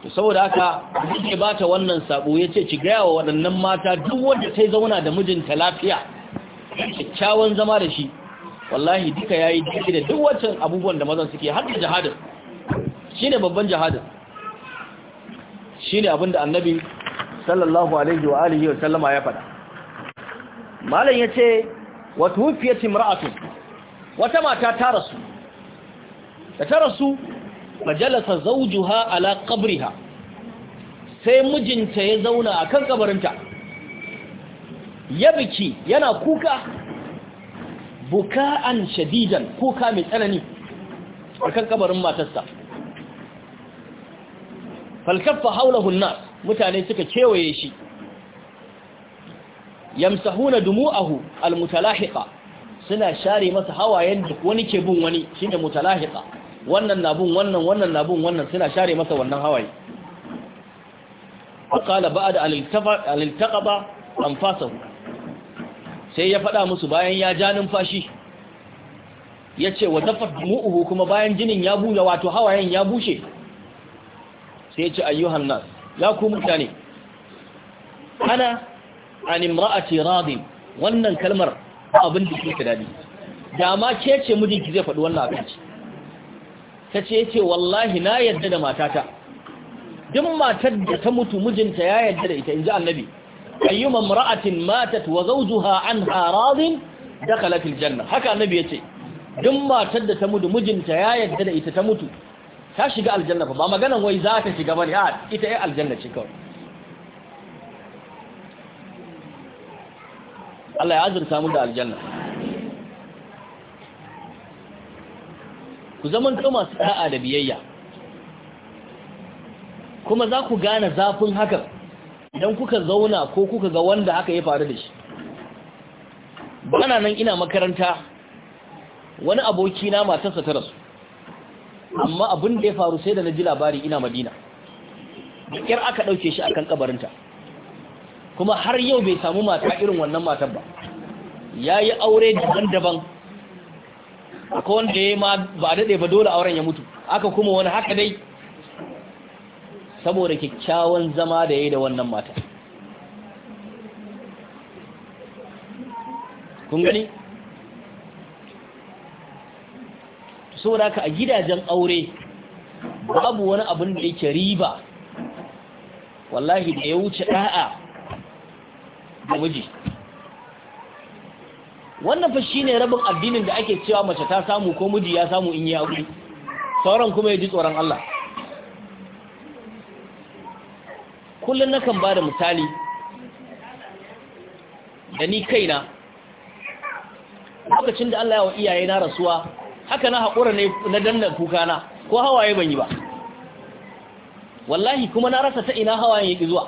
to saboda haka yake bata wannan ya ce ci ga yawa waɗannan mata duk wanda sai zauna da mijinta lafiya kyakkyawan zama da shi wallahi duka yayi dike da duk wancan abubuwan da mazan suke har da jihadin shine babban jihadin shine abin annabi sallallahu alaihi wa alihi wa sallama ya faɗa malam yace wa tuwfiyat imra'atun wata mata ta rasu da ta rasu majalasa zawjuha ala qabriha sai mijinta ya zauna akan kabarinta ya biki yana kuka buka'an shadidan kuka mai tsanani akan kabarin matarsa falkaffa haulahu nas mutane suka kewaye shi yamsahuna dumu'ahu almutalahiqa suna share masa hawayen da wani ke bin wani shine mutalahiqa wannan na bin wannan wannan na bin wannan suna share masa wannan hawaye qala ba'da al-iltaqaba anfasahu sai ya faɗa musu bayan ya ja numfashi yace wa dafat dumu'uhu kuma bayan jinin ya buya wato hawayen ya bushe sai ce ayyuhan nas ya ku mutane ana an imra'ati radin wannan kalmar abin da ke dadi da ma ke ce mijinki zai faɗi wannan abinci ta ce ce wallahi na yadda da matata duk matar da ta mutu mijinta ya yadda da ita inji annabi ayyuma imra'atin matat wa zawjuha an haradin dakhala fil janna haka annabi yace duk matar da ta mutu mijinta ya yadda da ita ta mutu ta shiga aljanna ba maganan wai za ta shiga bane a ita ai aljanna ce kawai Allah ya azurta mu da aljanna ku zaman to masu da'a da biyayya kuma za ku gane zafin hakan idan kuka zauna ko kuka ga wanda haka ya faru da shi bana nan ina makaranta wani aboki na matarsa ta rasu amma abin da ya faru sai da na ji labari ina madina da kyar aka ɗauke shi akan kabarinta kuma har yau bai samu mata irin wannan matan ba ya yi aure daban-daban akwai wanda ya ma ba daɗe ba dole auren ya mutu aka kuma wani haka dai saboda kyakkyawan zama da ya yi da wannan mata kun gani saboda ka a gidajen aure babu wani abin da yake riba wallahi da ya wuce da'a da miji wannan fa shine rabin addinin da ake cewa mace ta samu ko miji ya samu in ya aure sauran kuma ya ji tsoron Allah kullum nakan ba da misali da ni kaina lokacin da Allah ya wa iyayena rasuwa haka na haƙura ne na danna kukana ko hawaye ban yi ba wallahi kuma na rasa ta ina hawayen yake zuwa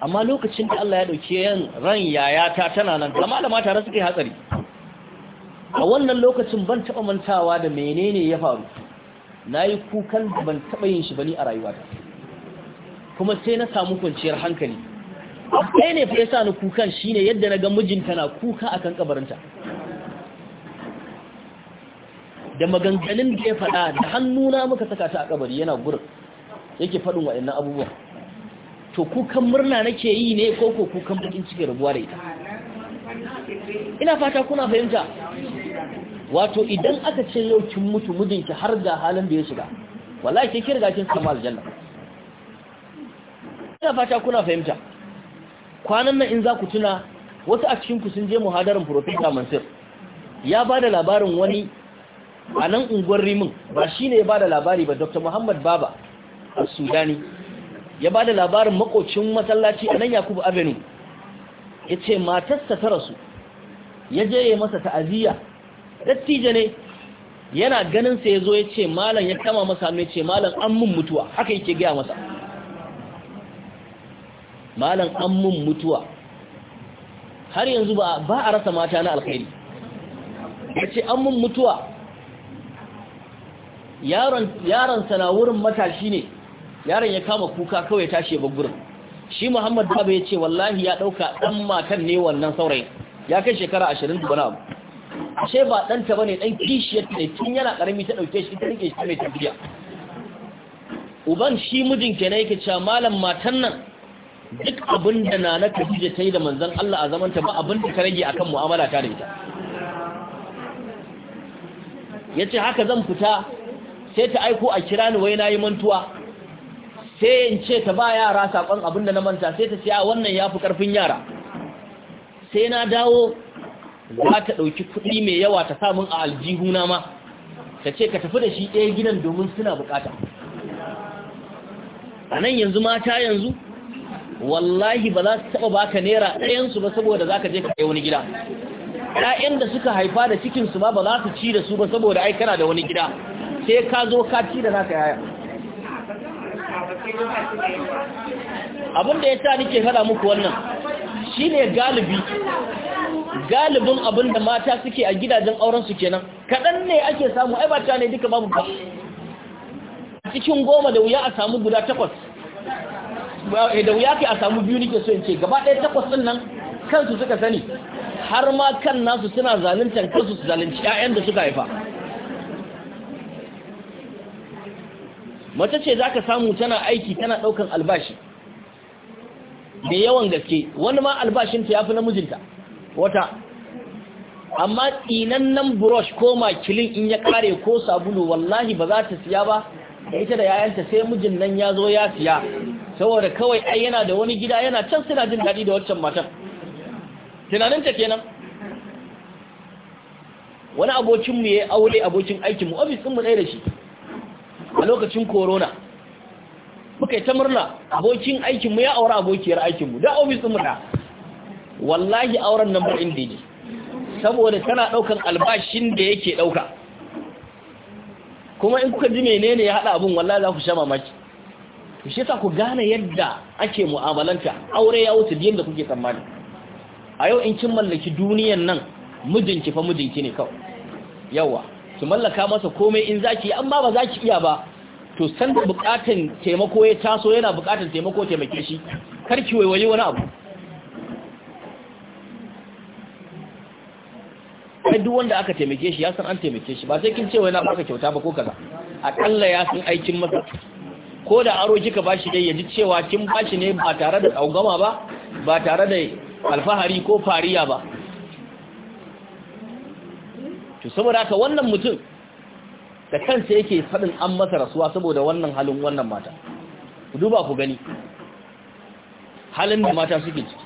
amma lokacin da Allah ya dauke yan ran yayata tana nan da malama tare suke hatsari a wannan lokacin ban taba mantawa da menene ya faru nayi kukan da ban taba yin shi bane a rayuwata kuma sai na samu kwanciyar hankali sai ne fa sa ni kukan shine yadda na ga mijinta na kuka akan kabarinta da maganganun da ya faɗa da hannuna muka saka shi a kabari yana gurin yake faɗin waɗannan abubuwan to kukan murna nake yi ne ko ko kukan bakin cikin rabuwa da ita ina fata kuna fahimta wato idan aka ce yau kin mutu mijinki har ga halin da ya shiga wallahi sai kin riga kin samu aljanna ina fata kuna fahimta kwanan nan in za ku tuna wasu a cikin ku sun je muhadarin Profesa Mansur ya ba da labarin wani a nan unguwar rimin ba shi ne ya ba da labari ba dr muhammad baba a sudani ya ba da labarin makocin masallaci a nan yakubu avenue ya ce matarsa ta rasu ya je ya masa ta'aziyya dattijo ne yana ganin sa ya zo ya ce malam ya kama masa mai ce malam an mun mutuwa haka yake gaya masa malam an mun mutuwa har yanzu ba a rasa mata na alkhairi ya ce an mun mutuwa yaron yaron sana wurin matashi ne yaron ya kama kuka kawai tashi ba gurin shi Muhammad Baba ya ce wallahi ya dauka dan matan ne wannan saurayin ya kai shekara 20 da wani abu ashe ba dan ta bane dan kishiyar ne tun yana karami ta dauke shi ta rike shi mai tafiya uban shi mijin kenan yake cewa malam matan nan duk abin da na Khadija ta yi da manzon Allah a zaman ta ba abin da ka rage akan mu'amala ta da ita yace haka zan fita sai ta aiko a kira ni wai nayi mantuwa sai in ce ta ba yara sakon abin da na manta sai ta ce a wannan fi karfin yara sai na dawo za ta dauki kuɗi mai yawa ta samun a aljihu na ma ta ce ka tafi da shi ɗaya gidan domin suna bukata a nan yanzu mata yanzu wallahi ba za su taɓa baka naira ɗayansu ba saboda za ka je ka kai wani gida ‘ya'yan da suka haifa da cikinsu ba ba za su ci da su ba saboda ai kana da wani gida sai ka zo ka ci da naka yaya abinda ya sa nike hada muku wannan shi ne galibi galibin abinda mata suke a gidajen auren su kenan kaɗan ne ake samu ai ne duka babu ba cikin goma da wuya a samu guda takwas eh, da wuya ke a samu biyu nike so in ce gaba ɗaya takwas ɗin nan kansu suka sani har ma kan nasu suna zalunta kansu su zalunci 'ya'yan da suka haifa mace ce za ka samu tana aiki tana ɗaukan albashi da yawan gaske wani ma albashinta ya fi namijinta wata amma nan brush ko makilin in ya ƙare ko sabulu wallahi ba za ta siya ba da ita da yayanta sai mijin nan ya zo ya siya saboda kawai ai yana da wani gida yana can suna jin daɗi da waccan matan tunaninta kenan wani abokinmu ya yi aure abokin aikinmu ofis ɗinmu ɗaya da shi a lokacin korona, muka yi ta murna abokin aikinmu ya auri abokiyar aikinmu da ofis ɗin murna wallahi auren nan bar inda ne saboda tana ɗaukan albashin da yake ɗauka kuma in kuka ji menene ya haɗa abin wallahi za ku sha mamaki shi ku gane yadda ake mu'amalanta aure ya wuce da kuke tsammani a yau in kin mallaki duniyan nan mijinki fa mijinki ne kawai yawa ki mallaka masa komai in zaki amma ba zaki iya ba to san da bukatan taimako ya taso yana bukatan taimako taimake shi karki waiwaye wani abu kai duk wanda aka taimake shi ya san an taimake shi ba sai kin ce wai na baka kyauta ba ko kaza akalla ya san aikin masa ko da aro kika ba shi dai ya ji cewa kin ba shi ne ba tare da tsaugama ba ba tare da alfahari ko fariya ba to saboda haka wannan mutum da kansa yake faɗin an masa rasuwa saboda wannan halin wannan mata ku duba ku gani halin da mata suke ciki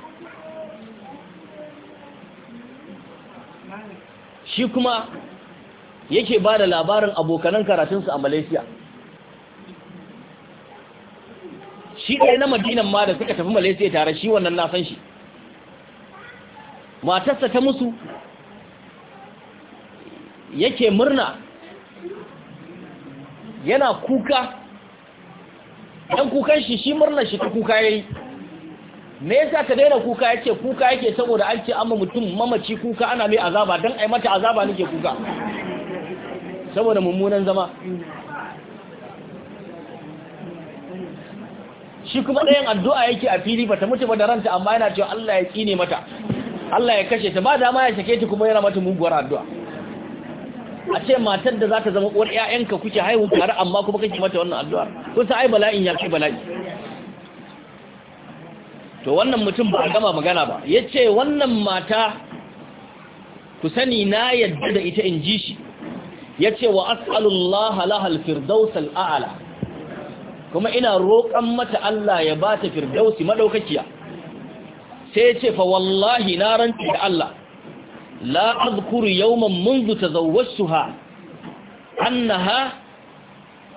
shi kuma yake ba da labarin abokanan karatunsu a malaysia shi ɗaya na madinan ma da suka tafi malaysia tare shi wannan na san shi matarsa ta musu yake murna yana kuka ɗan kukan shi shi murnar shi ta kuka yayi me yasa ka daina kuka yace kuka yake saboda an ce amma mutum mamaci kuka ana mai azaba dan ai mata azaba nake kuka saboda mummunan zama shi kuma ɗayan addu'a yake a fili bata mutu ba da ranta amma yana cewa Allah ya tsine mata Allah ya kashe ta ba dama ya sake ta kuma yana mata muguwar addu'a a ce matar da za zama uwar ƴaƴanka kuke haihu tare amma kuma kake mata wannan addu'a ko sai ai bala'in ya kai bala'i to wannan mutum ba a gama magana ba yace wannan mata ku sani na yadda da ita in ji shi yace wa as'alullaha lahal firdaus al'ala kuma ina roƙon mata Allah ya ba ta firdausi madaukakiya sai yace fa wallahi na rantsi da Allah la azkuru yawman منذ تزوجتها annaha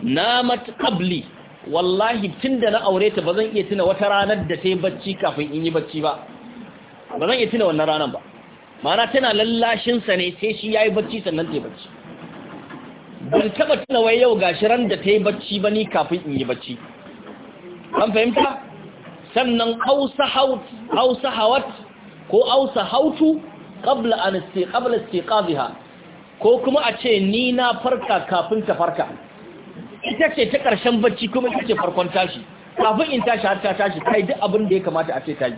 namat qabli wallahi tunda na aureta, ta bazan iya tuna wata ranar da sai bacci kafin in yi bacci ba bazan iya tuna wannan ranar ba mana tana lallashin sa ne sai shi yayi bacci sannan ta bacci ban taba tuna wai yau gashi ran da ta yi bacci ba ni kafin in yi bacci an fahimta sannan ausa hawat ko ausa hautu qabla an qabla istiqaziha ko kuma a ce ni na farka kafin ta farka ita ce ta karshen bacci kuma ita ce farkon tashi kafin in tashi har ta tashi kai duk abin da ya kamata a ce ta yi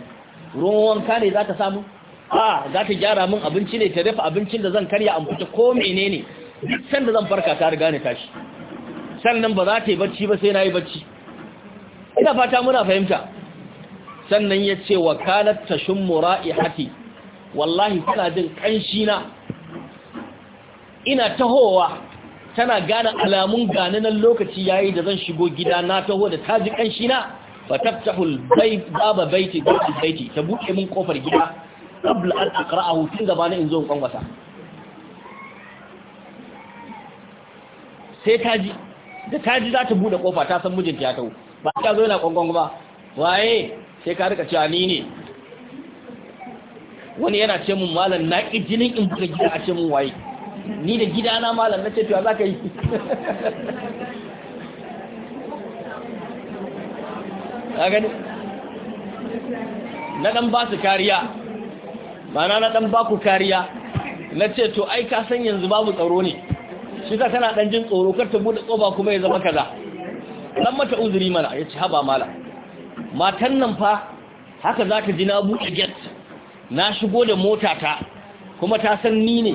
ruwan wanka ne za ta samu a za ta gyara min abinci ne ta dafa abincin da zan karya an fita ko menene duk sanda zan farka ta riga ne tashi sannan ba za ta yi bacci ba sai na yi bacci ina fata muna fahimta sannan ya ce wa kanat mura'i hati. wallahi tana jin kanshi na ina tahowa tana gane alamun gane nan lokaci yayi da zan shigo gida na taho da ta ji na fa bayt baba baiti baiti ta buke min kofar gida qabl an aqra'ahu tun na in zo in kwankwasa sai ta ji da ta ji za ta buɗe kofa ta san mijinta ya taho ba ta zo yana kwankwan ba waye sai ka rika cewa ni ne wani yana ce mun malam na ƙi jinin in buga gida a ce mun waye ni da gidana malam na ce to za ka yi a gani na ɗan ba su kariya mana na ɗan ba ku kariya na ce to ai ka san yanzu babu tsaro ne shi za tana ɗan jin tsoro kar ta buɗe tsoba kuma ya zama kaza Nan mata uzuri mana ya ci haba mala matan nan fa haka za ka ji na buɗe na shigo da mota ta kuma ta san ni ne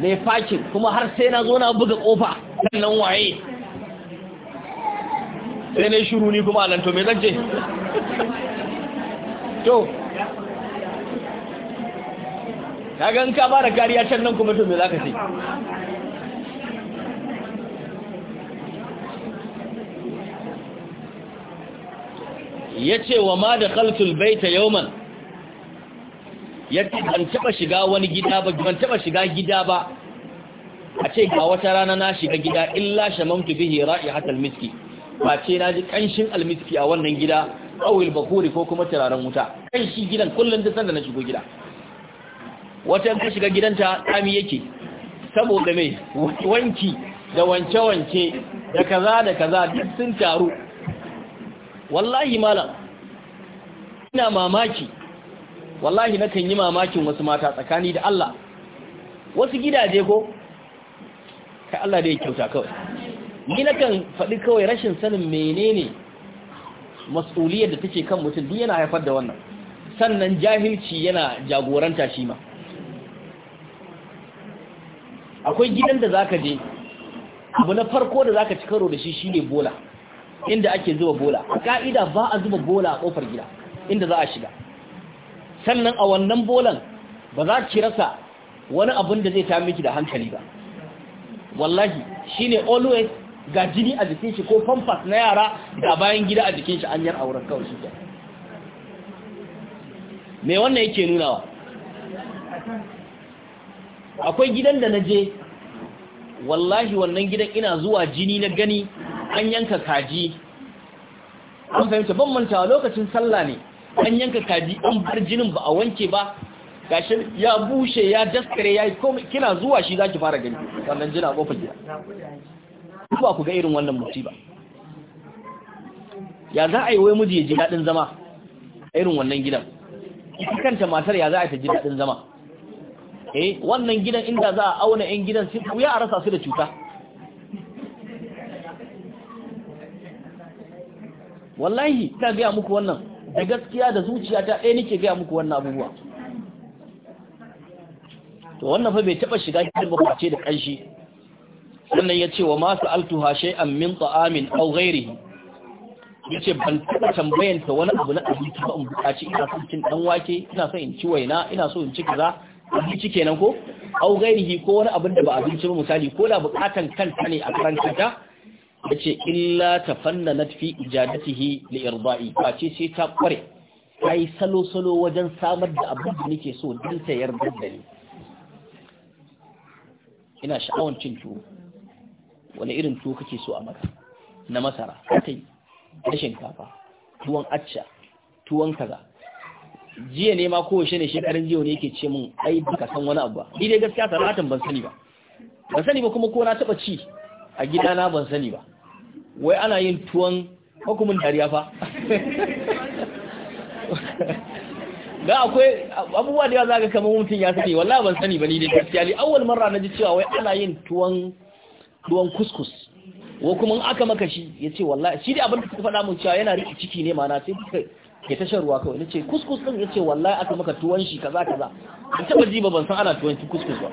mai fakin kuma har sai na zo na buga kofa nan waye sai na shiru ni kuma alanto mai zance to ka gan ka ba da kariya can nan kuma to me zaka ce yace wa ma da khaltul baita yawman yadda ban taba shiga wani gida ba ban taba shiga gida ba a ce ga wata rana na shiga gida illa shamamtu bihi ra'ihatal miski ba ce na ji kanshin almiski a wannan gida awil bakuri ko kuma turaren wuta kanshi gidan kullun da sanda na shigo gida wata yanka shiga gidanta tsami yake saboda mai wanki da wance-wance da kaza da kaza duk sun taru wallahi malam ina mamaki wallahi na kan yi mamakin wasu mata tsakani da Allah wasu gidaje ko kai Allah da ya kyauta kawai ni na kan faɗi kawai rashin sanin menene mas'uliyar da take kan mutum duk yana haifar da wannan sannan jahilci yana jagoranta shi ma akwai gidan da zaka je abu na farko da zaka ci karo da shi shine bola inda ake zuba bola ka'ida ba a zuba bola a kofar gida inda za a shiga sannan a wannan bolan ba za ki rasa wani abin da zai ta miki da hankali ba wallahi shine always ga jini a jikin shi ko pampas na yara da bayan gida a jikin shi an yar auren kawai shi me wannan yake nunawa akwai gidan da na je wallahi wannan gidan ina zuwa jini na gani an yanka kaji an fahimta ban mantawa lokacin sallah ne an yanka kaji an bar jinin ba a wanke ba gashi ya bushe ya daskare ya yi komai kina zuwa shi zaki fara gani wannan jina kofar gida ba ku ga irin wannan musiba ya za a yi wai miji ya ji daɗin zama a irin wannan gidan ita kanta matar ya za a ta ji daɗin zama eh wannan gidan inda za a auna 'yan gidan sai wuya a rasa su da cuta wallahi ta gaya muku wannan da gaskiya da zuciya ta ɗaya eh, nake gaya muku wannan abubuwa to wannan fa bai taɓa shiga gidan ba da ƙanshi sannan ya ce wa masu altuha shay'an min ta'amin aw ghairihi ce ban taɓa tambayan wani abu na abinci ba in buƙaci ina son cin dan wake ina son in ci waina ina so in ci kaza abinci kenan ko aw ghairihi ko wani abin da ba abinci ba misali ko da buƙatan kanta ne a karan kanta yace illa tafannanat fi ijadatihi li irda'i face sai ta kware kai salo salo wajen samar da abin da nake so don ta yarda da ni ina sha'awan cin tuwo wani irin tuwo kake so a maka na masara kai Na shinkafa tuwon acca tuwon kaza jiya ne ma kowace ne shekarun jiya ne yake ce mun ai baka san wani abu ba ni dai gaskiya saratan ban sani ba ban sani ba kuma ko na taba ci a gidana ban sani ba wai ana yin tuwon hukumin dariya fa da akwai abubuwa da za zaka kamar mutum ya sani wala ban sani ba ni da gaskiya li awwal marra naji cewa wai ana yin tuwon tuwon kuskus wa kuma aka maka shi yace wallahi shi dai abin da ka faɗa mun cewa yana riƙe ciki ne ma'ana sai ke ta shan ruwa kawai nace kuskus din yace wallahi aka maka tuwon shi kaza kaza ban taba ji ba ban san ana tuwon kuskus ba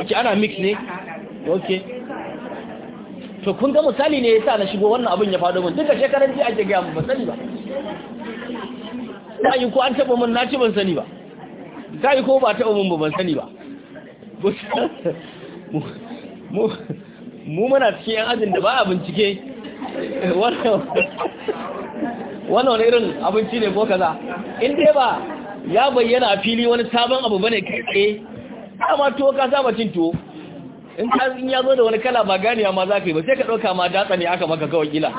ake ana mix ne ok to kun ga misali ne yasa na shigo wannan abin ya faɗo min duka shekaran ji ake gaya ba sani ba ta ko an taɓa min na ci ban sani ba ta ko ba taɓa min ba ban sani ba mu muna cikin yan ajin da ba a bincike wannan irin abinci ne ko kaza in dai ba ya bayyana a fili wani sabon abu bane kai dama tuwo ka saba cin tuwo in ka in ya zo da wani kala ba gani amma za ka yi ba sai ka ɗauka ma datsa ne aka maka kawai kila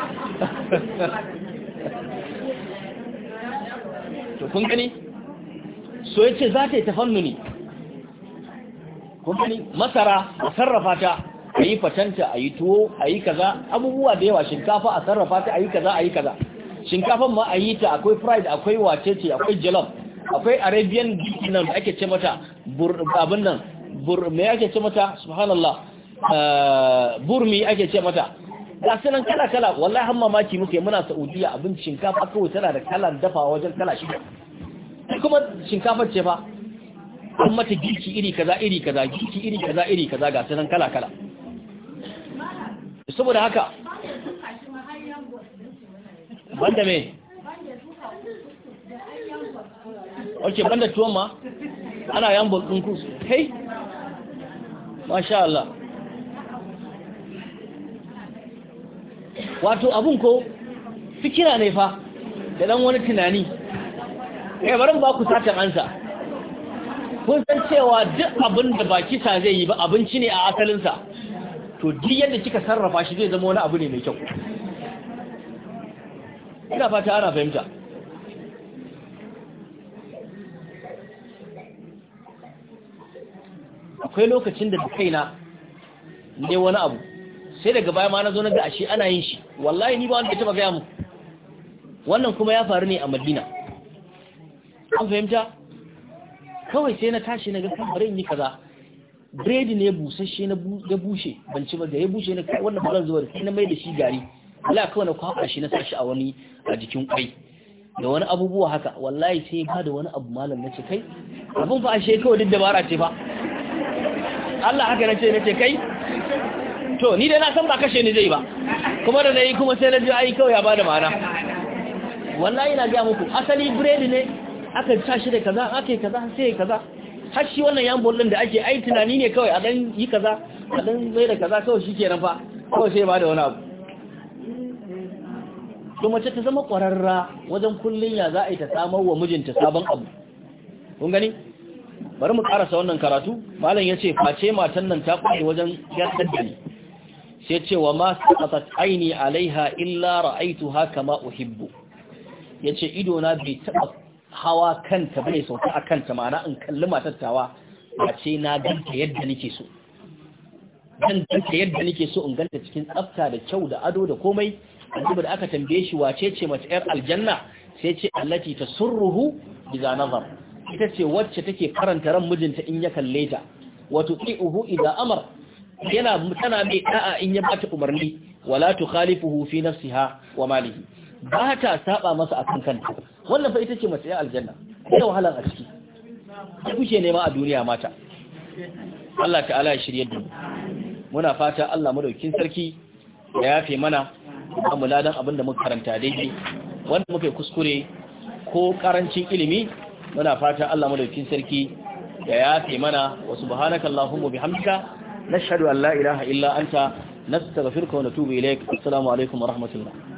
to kun gani so ya ce za ta yi ta kun gani masara a sarrafa ta a yi fatanta a yi tuwo a yi kaza abubuwa da yawa shinkafa a sarrafa ta a yi kaza a yi kaza shinkafan ma a yi ta akwai fried akwai wacece akwai jalof akwai arabian nan da ake ce mata abin nan mai ake ce mata subhanallah eh, burmi ake ce mata ga sunan kala-kala wallahi hamma mamaki muke muna saudiya abin shinkafa kawai tana da kalan dafawa wajen kala shida kuma shinkafar ce fa an mata girki iri kaza iri kaza girki iri kaza iri kaza ga sunan kala-kala saboda haka banda me ok banda tuwon ma ana yan bulɗin ku hey masha Allah wato abun ko fikira ne fa da dan wani tunani ya eh, bari ba ku satan ansa kun san cewa duk abin da ba kisa zai yi ba abinci ne a asalinsa to duk yadda kika sarrafa shi zai zama wani abu ne mai kyau ina fata ana fahimta akwai lokacin da kaina ne wani abu sai daga baya ma na zo na ga ashe ana yin shi wallahi ni ba wanda ya taba gaya mu wannan kuma ya faru ne a madina an fahimta kawai sai na tashi na ga kan bari yi kaza biredi ne busasshe na ya bushe ban ci ba da ya bushe na kai wannan ba zuwa sai na mai da shi gari Allah kawai na kwaba shi na sashi a wani a jikin kwai da wani abubuwa haka wallahi sai ba da wani abu malam na ce kai abin fa ashe kawai duk dabara ce fa Allah haka nace nace kai to ni dai na san ba kashe ni zai ba kuma da nayi kuma sai na ji ai kawai ya bada ma'ana wallahi na ga muku asali biredi ne aka tashi da kaza aka yi kaza sai kaza har shi wannan yan bollin da ake ai tunani ne kawai a dan yi kaza a dan mai da kaza kawai shikenan fa kawai sai ba da wani abu to mace ta zama kwararra wajen kullun ya za a yi ta samar wa mijinta sabon abu kun gani bari mu karasa wannan karatu malam yace face matan nan ta kwaye wajen yardar da ni sai ce wa ma saqatat aini alaiha illa ra'aituha kama uhibbu yace ido na bai taba hawa kanta bane sauka a kanta Mana in kalli matattawa face na ganta yadda nake so dan ganta yadda nake so in ganta cikin tsafta da kyau da ado da komai annabi da aka tambaye shi wace ce mace yar aljanna sai ce allati tasurruhu idza nazar ita ce wacce take karanta ran mijinta in ya kalle ta wato ti'uhu idza amar yana tana mai da'a in ya bata umarni wala tukhalifuhu fi nafsiha wa malihi ba ta saba masa akan kanta wannan fa ita ce mace ya aljanna ita wahalar a ciki ta kuke nema a duniya mata Allah ta'ala ya shirye da mu muna fata Allah madaukin sarki ya yafe mana amma ladan abinda muka karanta daidai wanda muka kuskure ko karancin ilimi muna fata Allah madaukin sarki ya yafe mana wa subhanakallahu allahumma bihamdika nashhadu an la ilaha illa anta nastaghfiruka wa natubu ilaik assalamu alaikum wa rahmatullah